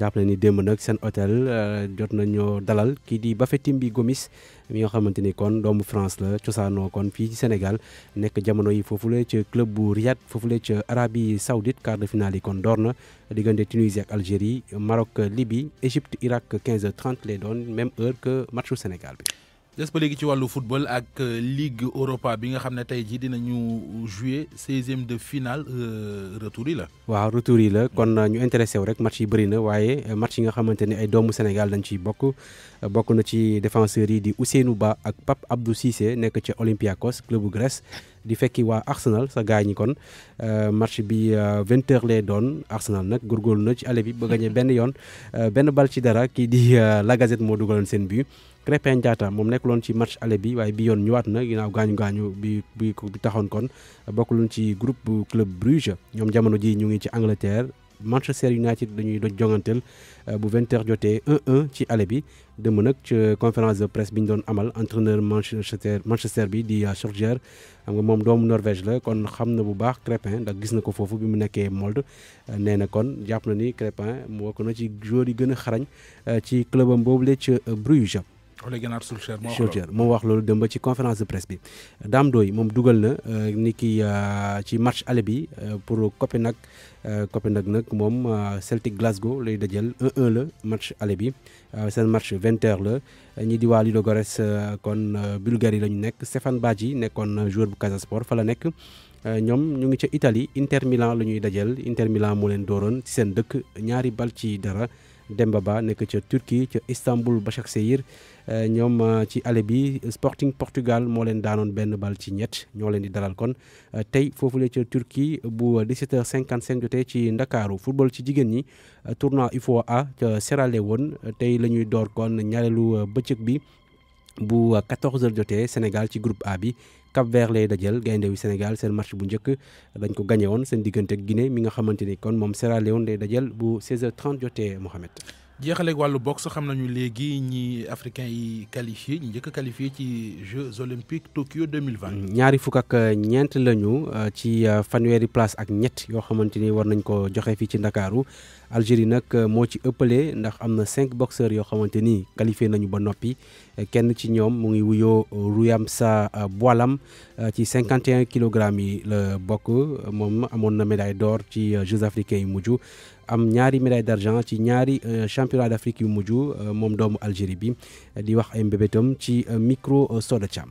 S3: jàppale ni dem nak sen hôtel euh, jot nañoo dalal ki di Bafétimbi Gomis mi nga xamante kon doomu France la cosaanoo kon fi ci Sénégal nek jamono yi foofule ci club bu Riyad foofule ci Arabie Saoudite quart de finale yi kon dorna na Tunisie ak Algérie Maroc Libye Égypte Irak 15h30 les donne même heure que match au Sénégal bi
S1: des ba léegi ci wàllu football ak euh, Ligue Europa bi nga xamné tay ji dinañu jouer seizième de finale euh, retour yi la.
S3: waaw retour yi la kon ñu intéressé rek match yi bari na wayé match yi nga xamanteni ay doomu Sénégal dañ ci bokk bokku na ci défenseur yi di Ousseynou Ba ak Pape Abdou Cissé nek ci Olympiakos club grec. Grèce. di fekki wa Arsenal sa gañi ñi kon euh, match bi 20h lay doon Arsenal nak gorgol na ci ale bi ba ben benn yoon benn bal ci dara ki di la Gazette mo dugaloon sen but. Krépin Diatta moom loon ci match aller bi waaye bi yoon ñëwaat na ginnaaw gaañu gaañu bi bi taxoon kon bokkuloon ci groupe club Bruges ñoom jamono ji ñu ngi ci Angleterre Manchester United dañuy doon jonganteel euh, bu 20 heures jotee 1-1 ci ale bi dëmb nag ci conférence de presse bi ñu doon amal entraîneur Manchester Manchester bi di euh, Solskjaer xam nga moom doomu Norvège la kon xam na bu baax Crépin ndax gis na ko foofu bi mu nekkee Molde euh, nee na kon jàpp na ni Crépin mu bokk na ci joueur yi gën a xarañ ci clubam boobu la ca Bruges. Ole Gunnar Solskjaer moo wax loolu dem ba ci conférence de presse bi Dame Doy moom dugal na euh, ni ki euh, ci match aller bi euh, pour Copenhague Copenhague nag moom Celtic Glasgow lay dajal 1-1 la match aller bi seen match 20 heures la ñi di waa Gores kon Bulgarie lañu ñu nekk Stéphane Badji nekkoon joueur bu Casa Sport fa la nekk ñoom ñu ngi ca Italie Inter Milan la ñuy dajal Inter Milan moo leen dooroon ci seen dëkk ñaari bal ci dara Demba Ba nekk ca Turquie ca Istanbul Başakşehir Euh, ñoom euh, ci ale bi Sporting Portugal moo leen daanoon benn bal ci ñett ñoo leen di dalal kon euh, tey foofule ca Turquie bu 17h55 jotee ci Ndakaaru football ci jigéen ñi tournoi UFOA A ca Sierra woon tey la ñuy door kon ñaareelu bëccëg bi bu 14h jotee Sénégal ci groupe A bi. Cap Vert lay dajal gayndewu Sénégal seen match bu njëkk dañ ko gagné woon seen diggante ak Guinée mi nga xamante ni kon moom Sierra woon lay dajal bu 16h30 jotee Mohamed.
S1: jeexaleeg wàllu boxe xam nañu léegi ñi africain yi qualifié ñi njëkk a qualifié ci Jeux olympiques Tokyo 2020
S3: ñaari fukk ak euh, ñeent lañu euh, ci euh, fanweeri place ak ñett yoo xamante ni war nañ ko joxe fii ci dakaru Algérie nag moo ci ëppale ndax am na cinq boxeurs yoo xamante ni qualifié nañu ba noppi kenn ci ñoom mu ngi wuyoo Ruyamsa Boilam ci 51 kilogrammes yi la bokk moom amoon na médaille d'or ci Jeux africains yi mujj am ñaari médaille d'argent ci ñaari euh, championnat d'Afrique yu mujj euh, moom doomu Algérie bi di wax ay mbébétam ci euh, micro Soda Thiam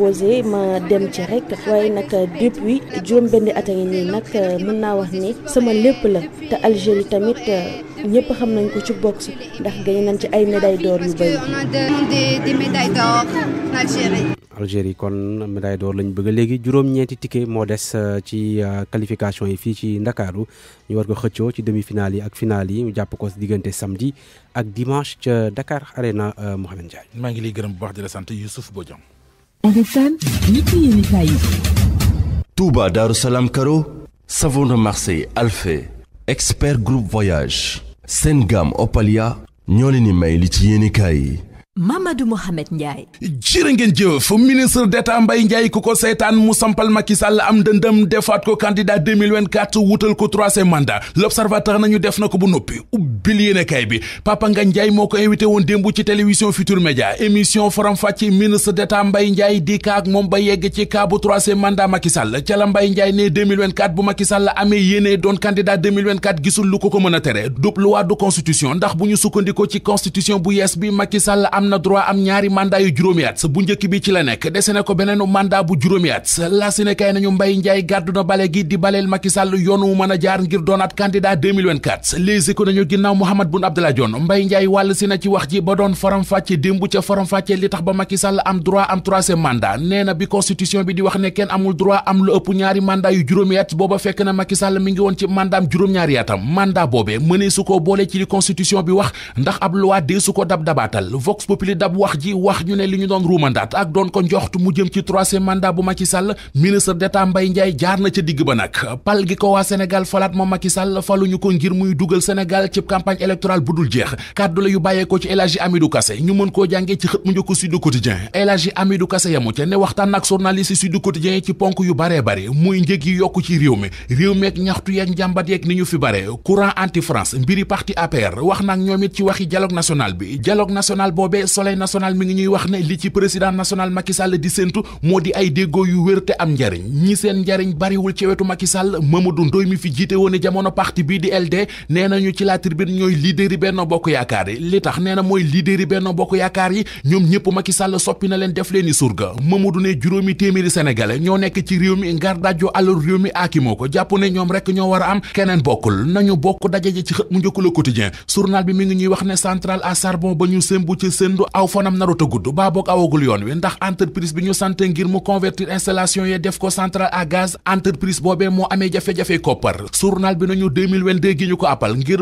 S2: proposé ma dem ci rek waaye nak depuis juróom benn atay ni nak nii mën naa wax ni sama lepp la te Algérie tamit ñepp xam nañ ko ci box ndax gagné nañ ci ay médailles d'or yu bëri.
S3: Algérie kon médaille d'or lañ bëgg légui juróom-ñeenti ticket moo des euh, ci euh, qualification yi fii ci Ndakaaru ñu war ko xëccoo ci demi-finale yi ak finale yi ñu jàpp ko diggante samedi ak dimanche ca Dakar Arena euh, Mohamed Ndiaye. maa ngi lay gërëm bu baax di la sant Youssouf Bodian.
S6: RFM nit ñi yéen kaay yi.
S3: Touba Darou Salam Karo
S9: savon de Marseille Alphé expert groupe voyage seen gamme Opalia ñoo leen ni may li ci yéen kaay yi.
S10: Mamadou Mohamed Ndiaye.
S1: jërë ngeen jëf ministre d'État Mbaye Ndiaye ku ko seetaan mu sampal Macky Sall am ndëndëm defaat ko candidat 2024 wutal ko troisième mandat l'observateur nañu def na ko bu noppi. ubbil bi Papa Ngagne Ndiaye moo ko invité woon démb ci télévision Futur Média émission faram fàcce ministre d'État Mbaye Ndiaye di kaak moom ba yegg ci kaabu troisième mandat Macky Sall ca la bu Macky Sall amee yéene doon candidat gisul lu ko ko mën tere du loi du constitution ndax bu ñu sukkandikoo ci constitution bu yees bi Macky am na droit am ñaari mandat yu bu njëkk bi ci la nekk dese na ko beneen mandat bu juróomi at la si ne kay nañu Mbaye Ndiaye gàddu ginnaaw Mahammed Boun Abdallah Dionne Mbaye Ndiaye wàll si na ci wax ji ba doon faram-fàcce démb ca faram-fàcce li ko boole ci li bi wax ndax ab loi dee su ko dab dabaatal vox populi dab wax ji wax ñu ne li ñu doon ruumandaat ak doon ko njoxtu mu jëm ci troisième mandat bu Macky Sall ministre d'État Mbaye Ndiaye jaar na ca digg ba nag pal gi ko waa Sénégal falaat moom Macky Sall faluñu ko ngir muy dugal Sénégal ci campagne électorale bu dul jeex kàddu la yu bàyyeekoo ci El Hadji Amidou Kassé ñu mën koo jàngee ci xët mu njëkk Sud Quotidien El Hadji Amidou yamu ca ne waxtaan ak journaliste Sud Quotidien ci ponk yu baree bari muy njëg yi yokk ci réew mi réew meeg ñaxtu yeeg njàmbat yeeg ni ñu fi bare courant anti France mbiri parti APR wax naag ñoom it ci waxi dialogue national bi dialogue national boobee soleil national mi ngi ñuy wax ne li ci président national Macky ñooy leader yi Benno Bokk Yaakaar yi li tax nee na mooy leader yi Benno Bokk Yaakaar yi ñoom ñëpp Macky Sall soppi na leen def leen i surga Mamadou ne juróomi téeméeri sénégalais ñoo nekk ci réew mi ngar dajjoo àlal réew mi aakimoo ko jàpp ne ñoom rek ñoo war a am keneen bokkul nañu bokk dajaje ci xët mu njëkk Le Quotidien journal bi mi ngi ñuy wax ne centrale à charbon ba ñu sëmbu ci sëndu aw fanam narut a gudd baa boog awagul yoon wi ndax entreprise bi ñu sante ngir mu convertir installation yi def ko centrale à gaz entreprise boobee moo amee jafe-jafe koppar journal bi nañu 2022 gi ñu ko appal ngir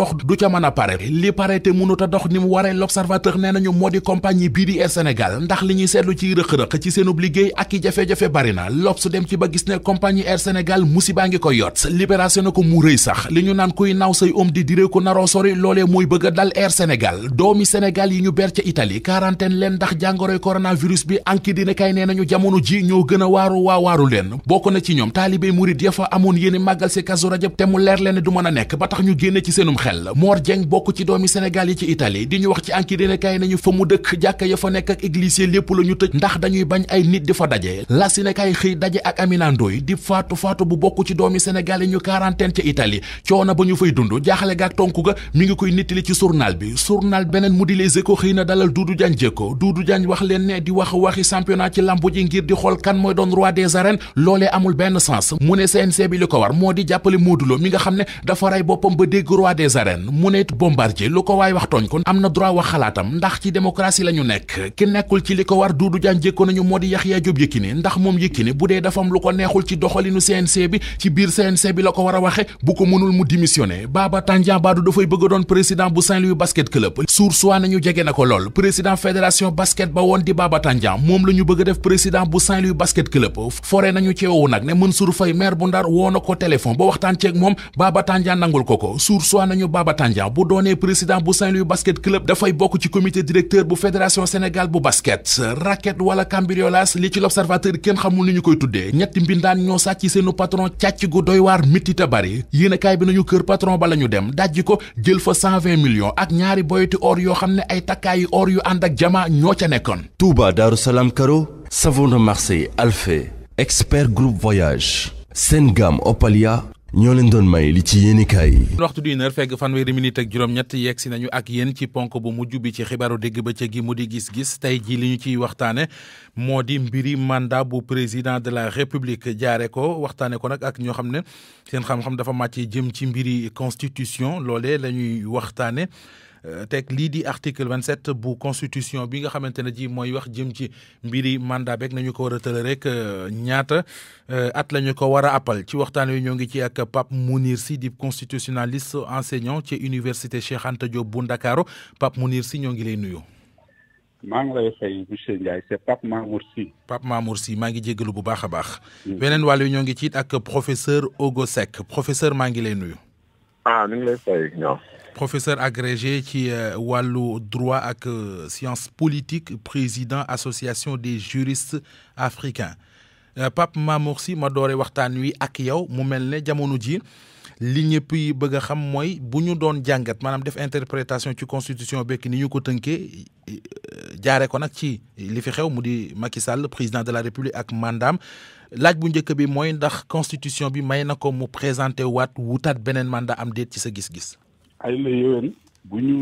S1: dox du ca mën pare li pare te mënut dox ni mu waree l'observateur nee nañu moo di compagnie bii di Air Sénégal ndax li ñuy seetlu ci rëq-rëq ci seenub liggéey ak i jafe-jafe bari na L'Obs dem ci ba gis ne compagnie Air Sénégal musiba ngi ko yot libération na ko mu rëy sax li ñu naan kuy naaw say om di diree ko naroo sori loolee mooy bëgg a dal Air Sénégal doomi Sénégal yi ñu ber ca Italie quarantaine leen ndax jàngoroy coronavirus bi anki dina kay nee a waaru waawaaru leen a nekk xel Mor Dieng bokk ci doomi Sénégal yi ci Italie di ñu wax ci enquête nañu fa mu dëkk jàkka ya fa nekk ak église lépp la tëj ndax dañuy bañ ay nit di daje la xëy daje ak Amina di faatu faatu bu bokk ci doomi Sénégal yi ñu quarantaine ca Italie coono ba ñu fay dund jaaxle gaak tonku ga mi ngi koy nittali ci journal bi journal beneen mu di Les Échos xëy na dalal Doudou Diagne Diécko Doudou Diagne wax leen ne di wax waxi championnat ci lambu ji ngir mu ko war moo di jàppale arènes mu ne it bombardier lu ko waay wax tooñ ko am na droit wax xalaatam ndax ci démocratie la ñu nekk ki nekkul ci li ko war duudu jaan jékkoo nañu moo di Yaxya Jóob Yékini ndax moom Yékini bu dee dafa lu ko neexul ci doxalinu CNC bi ci biir CNC bi la ko war a waxe bu ko mënul mu démissionné Baba Tandian Badou dafay bëgg doon président bu Saint-Louis basket club suur soi nañu jege na ko lool président fédération basket ba woon di Baba la ñu bëgg a def président bu Saint-Louis basket club fore nañu ci woowu ba waxtaan ceeg Baba Tandia bu doonee président bu Saint-Louis basket club fay bokk ci comité directeur bu fédération Sénégal bu basket racket wala cambriolage li ci l'observateur ken xamul ni ñu koy tuddee ñetti mbindaan sa ci senu patron càcc gu doy war mitti te bari kay bi nañu kër patron ba lañu dem dajji ko jël fa 120 millions ak ñaari boyeti or yo xamné ay or yu jama ñoo ca nekkoon.
S9: Touba Salam Karo savon de Marseille Alphé expert groupe voyage Sengam Opalia ñoo leen doon may li ci yéenekaay yi
S1: waxtu di une heure fekk fanweeri minute ak juróom-ñett yegg nañu ak yéen ci ponk bu mujj bi ci xibaaru dégg ba bëccëg gi mu di gis-gis tey jii li ñu ciy waxtaane moo di mbiri mandat bu président de la république jaare ko waxtaane ko nag ak ñoo xam ne seen xam-xam dafa màcc jëm ci mbiri constitution loole la ñuy waxtaane Euh, teg lii di article 27 de bu constitution bi nga xamante ne ji wax jëm ci mbiri mandat nañu ko a rek euh, ñaata euh, at la ko war a appal ci waxtaan yi ñoo ci ak Pape constitutionnaliste enseignant ci université Cheikh Anta Diop bu Ndakaaru Pape Mounir Sy ñoo ngi lay nuyu. maa ngi lay fay monsieur c'est Pape Mamour Sy. Pape Mamour ngi jégalu bu baax a baax. Mm. beneen wàll que professeur professeur maa ngi lay ah, professeur agrégé qui est wàllu droit et euh, science politique président association des juristes africains euh, Pape Mamoursi Sy ma doore waxtaan wi ak yow mu mel jamono ji li ñëpp yi bëgg a xam mooy bu ñu doon jàngat maanaam def interprétation ci constitution bekk ni ñu ko tënkee jaare ko nag ci li fi xew mu di Macky Sall président de la République ak mandam laaj bu njëkk bi mooy ndax constitution bi may na ko mu présenté waat wutaat beneen mandat am déet ci sa gis-gis.
S5: ay la yéwén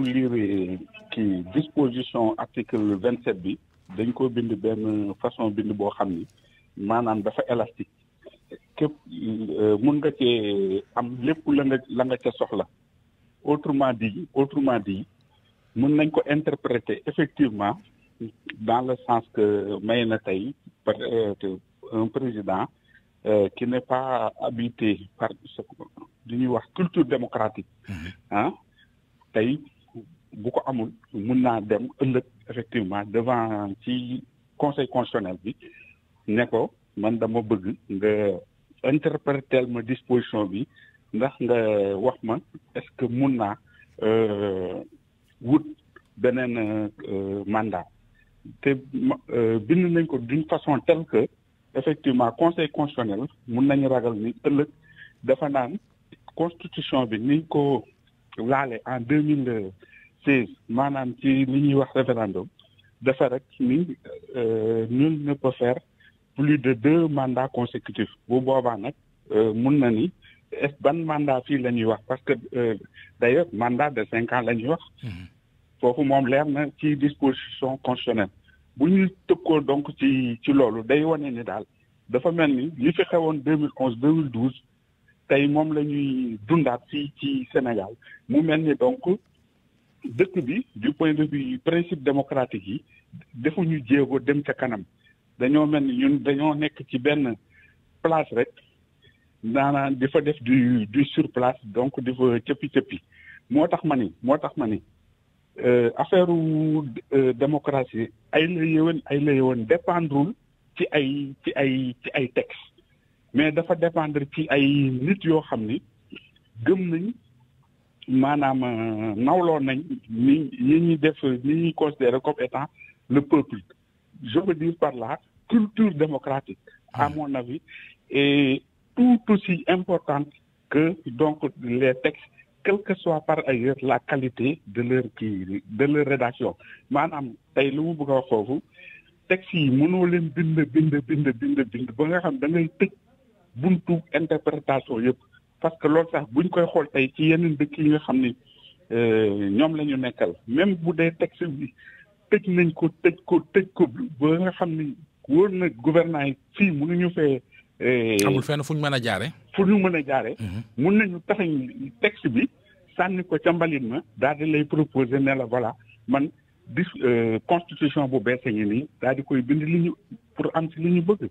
S5: lire kii disposition article vingt sept bi dañ ko bind benn façon bind boo xam ni maanaam dafa élastique que euh, mun nga ci am lépp la nga la nga ca soxla autrement dit autrement dit mun nañ ko interpréter effectivement dans le sens que may na tey euh, un président euh, qui n'est pas habité par li ñuy wax culture démocratique mm-hmm. hein tey bu ko amul mun naa dem effectivement devant ci conseil constitutionnel bi ne ko man dama bëgg nga interpréter ma disposition bi ndax nga wax ma est-ce que mun naa euh, wut beneen euh, mandat te euh, bind nañ ko d'une façon telle que effectivement conseil constitutionnel mun nañu ragal ni ëllëg dafa naan constitution bi niñ ko laale en deux mille seize maanaam ci li ñuy wax référendum dafa rek ni nul ne peut faire plus de deux mandats consécutifs Vous boobaa euh, mun na ni est ban mandat fii la wax parce que euh, d'ailleurs mandat de cinq ans la ñuy wax mmh. foofu moom leer na ci disposition constitutionnelle bu ñu donc ci ci loolu day wane ni dans dafa mel ni li fi xewoon 2011-2012. onze deux mille douze tey moom ci Sénégal mu melni donc dëkk bi du point de vue principe démocratique yi defuñu jéego dem ca kanam dañoo mel ni ñun dañoo nekk ci place rek du sur place donc di fa cëppi cëppi moo tax ma euh, euh, démocratie ay la ay qui texte mais dafa dépendre ci ay nit yoo ni étant le peuple je veux dire par là culture démocratique, à ah. mon avis, est tout aussi importante que donc les textes, quelle que soit par ailleurs la qualité de leur de leur rédaction Madame, tey lu mu bëgg a texte foofu textes yi mënoo leen bind bind bind bind bind ba nga xam da ngay tëj buntu interprétation yépp parce que loolu sax buñ koy xool tey ci yeneen dëkk yi nga xam ni euh, ñoom la nekkal même bu dee texte bi tëj nañ ko tëj ko tëj ko ba nga xam ni wóor nag gouvernants yi fii ñu fee. Eh, amul
S1: fenn fu ñu mën a jaare
S5: fu ñu mën a jaare mhm. mun ñu taxañ texte bi sànni ko ca mbalit ma daal di lay proposer ne la voilà man dis euh, constitution bu bees a ngi nii daal di koy bind li ñu
S1: pour am ci li ñu bëgg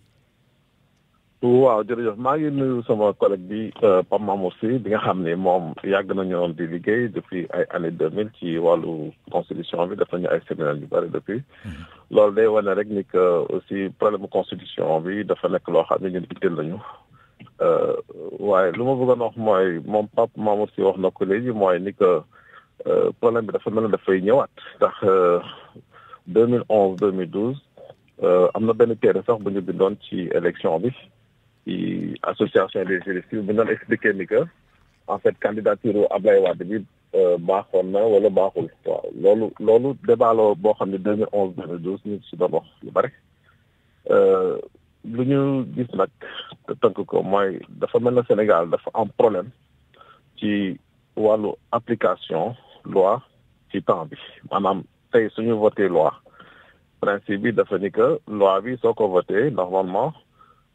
S17: waaw jërëjëf maa ngi nuyu sama collègue bi euh, Pape Mamour bi nga xam ne moom yàgg nañu doon di liggéey depuis ay années deux mille ci wàllu constitution bi def nañu ay séminaire yu bëri depuis mm-hmm. loolu day wane rek ni que aussi problème constitution bi dafa nekk loo xam ne ñun itteel nañu euh, waaye lu ma bëggoon wax mooy moom Pape Mamour Sy wax na ko léegi mooy ni que euh, problème bi dafa mel ne dafay ñëwaat ndax deux mille onze deux mille douze am na benn téere sax bu ñu bindoon ci élection bi ci association des juristes bu doon expliqué ni que en fait candidature Ablaye Wade bi euh, baaxoon na wala baaxul. waaw loolu loolu débat la boo xam ne 2011 2012 ñu ngi si doon wax lu bari euh, lu ñu gis nag tënk ko mooy dafa mel na Sénégal dafa am problème ci wàllu application loi ci temps bi maanaam tey suñu voté loi principe bi dafa ni que loi bi soo ko voté normalement.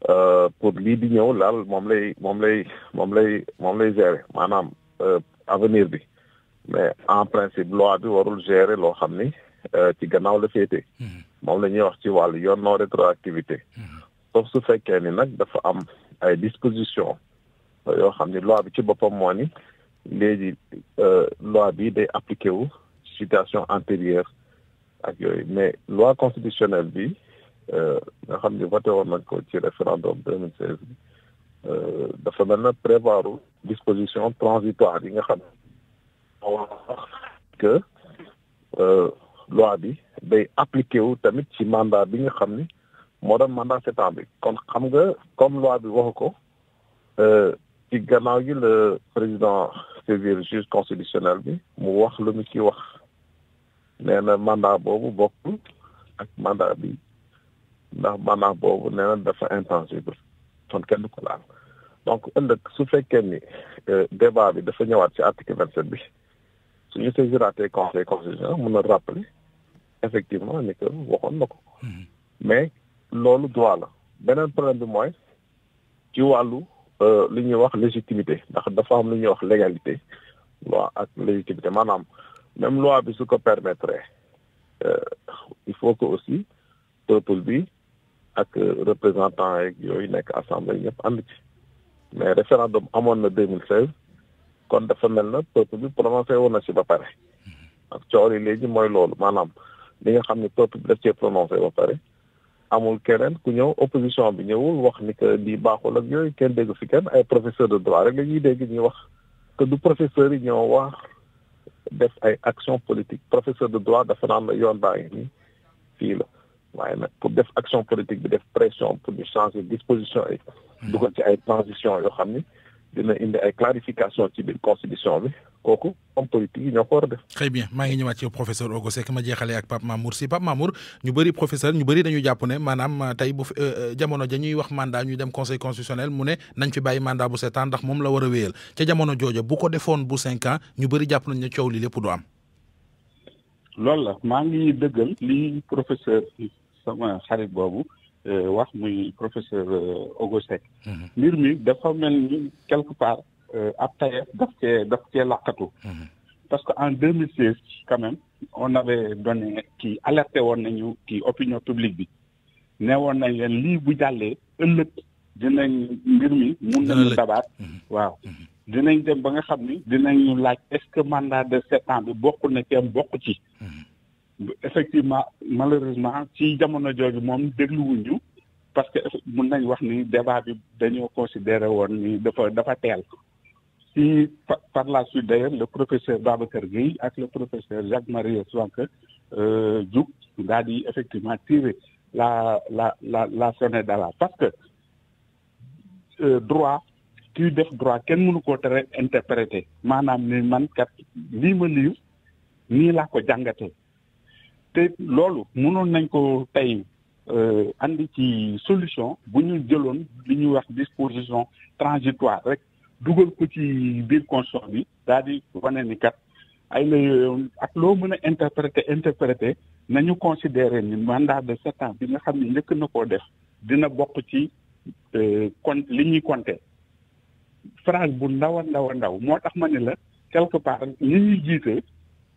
S17: Euh, pour lii di ñëw laal moom lay moom lay moom lay moom lay gérer maanaam euh, avenir bi mais en principe loi bi warul gérer loo xam ni euh, ci gannaaw la féete mhm. moom la ñuy wax ci wàllu yoon non rétroactivité mhm. sauf su fekkee ni nag dafa am ay disposition yoo xam ni loi bi ci boppam moo ni léegi loi bi day appliqué wu situation antérieure ak yooyu mais loi constitutionnelle bi nga xam ni voté woon nañ ko ci référendum 2016 bi dafa mel na prévoirul disposition transitoire yi nga xam que loi bi day appliqué wu tamit ci mandat bi nga xam ni moo doon mandat sept ans bi kon xam nga comme loi bi waxu ko ci gannaaw gi le président saisir juge constitutionnel bi mu wax lu mu ci wax nee na mandat boobu bokkul ak mandat bi ndax maanaam boobu nee na dafa intangible kon kenn ko laal donc ëllëg su fekkee ni euh, débat bi dafa ñëwaat ci article 27 sept bi suñu saisiraatee conseil constitutionnel mën a rappeler effectivement ni que waxoon na ko mhm. mais loolu droit la beneen problème bi mooy ci wàllu euh, li ñuy wax légitimité ndax dafa am lu ñuy wax légalité loi ak légitimité maanaam même loi bi su ko permettre euh, il faut que aussi peuple bi ak euh, représentant ak yooyu nekk assemblée ñëpp ànd ci mais référendum amoon na 2016 kon dafa mel na peuple bi prononcé woon na si ba pare ak coow li léegi mooy loolu maanaam li nga xam ne peuple bi daf cee prononcé ba pare amul keneen ku opposition bi ñëwul wax ni que lii baaxul ak yooyu kenn dégg fi kenn ay professeur de droit rek la ñuy dégg wax que du professeur yi ñoo wax def ay action politique professeur de droit dafa naan la yoon baa ngi pour def action politique bi def pression pour ñu changer disposition et hmm. de ci ay transition yoo xam dina indi ay clarification ci la constitution bi kooku en politique
S1: très bien maa ngi ñëwaat ci professeur Ogo Seck ma jeexalee ak Pape Mamour si Pape Mamour ñu bëri professeur ñu bëri dañu jàpp ne maanaam tey bu euh, euh, jamono ja ñuy wax mandat ñuy dem conseil constitutionnel mu ne nañ fi bàyyi mandat bu sept ans ndax moom la war a wéyal ca jamono jooja bu ko defoon bu cinq ans ñu bëri jàpp nañ ne coow li lépp du am.
S5: loolu la maa ngi dëggal li professeur sama xarit euh, wax muy professeur euh, mhm. quelque part euh, ab daf mhm. parce qu'en 2016 quand même on avait donné qui alerté woon opinion publique bi ne woon nañ bu jàllee ëllëg dinañ mhm. est que mandat de sept ans effectivement malheureusement ci jamono mom deglu dégluwuñu parce que mun nañ wax ni débat bi dañoo considéré woon ni dafa dafa teel par la suite d'ailleurs le professeur Babacar Gueye avec le professeur Jacques-Marie Swanck euh daal di effectivement tirer la la la la sonnette parce que euh, droit qui def droit kenn mënu ko tere interpréter maanaam ni man kat lii ma liir nii laa ko loolu mënoon nañ ko tey euh, andi ci solution bu ñu jëloon li ñuy wax disposition transitoire rek dugal ko ci biir constitution bi daal di wane ni kat ay la ak loo mën a interpréter interpréter nañu considérer ni mandat de sept bi nga xam ne njëkk na koo def dina bokk ci kon euh, li ñuy compter phrase bu ndawa a ndaw moo tax ma ne la quelque part li ñuy jiite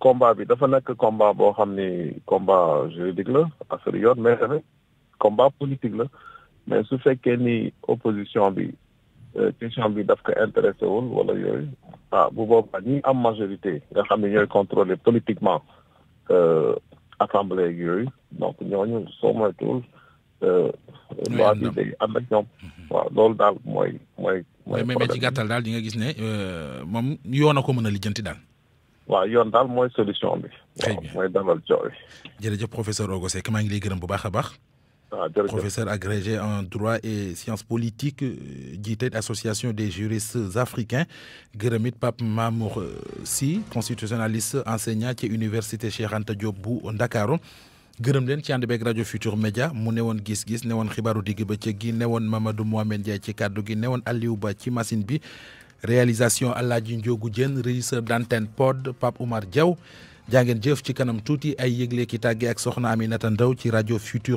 S17: combat bi dafa nekk combat boo xam ne combat juridique la affaire yoon mais tamit combat politique la mais su fekkee ni opposition bi euh, question bi daf ko intéressé wul wala yooyu ah bu boobaa ñi am majorité nga xam ne ñooy contrôler politiquement euh, assemblée yooyu donc ñooñu soo moytuwul euh, loi bi day ànd ak ñoom mhm. waaw loolu daal mooy mooy mooy mais mais ci
S1: gàttal daal di nga gis ne moom yoon a ko mën a lijjanti daal waaw yoon daal mooy solution bi. xëy na mooy dalal jooy. jërëjëf professeur Ogo Seck maa ngi lay gërëm bu baax a baax. professeur agrégé en droit et sciences politiques euh, jiite association des juristes africains gërëm Pape Mamour euh, si constitutionnaliste enseignant ci université Cheikh Anta Diop bu dakaro gërëm leen ci ànd beeg radio Futur Média mu newoon gis-gis newoon xibaaru digg bëccëg gi newoon Mamadou Mohamed Ndiaye ci kàddu gi newoon Aliou Ba ci machine bi réalisation la Ndiogu Diène régisseur d'antenne pod Pape Oumar Diaw jaa ngeen Tchikanom Touti, kanam tuuti ay ki Aminata Futur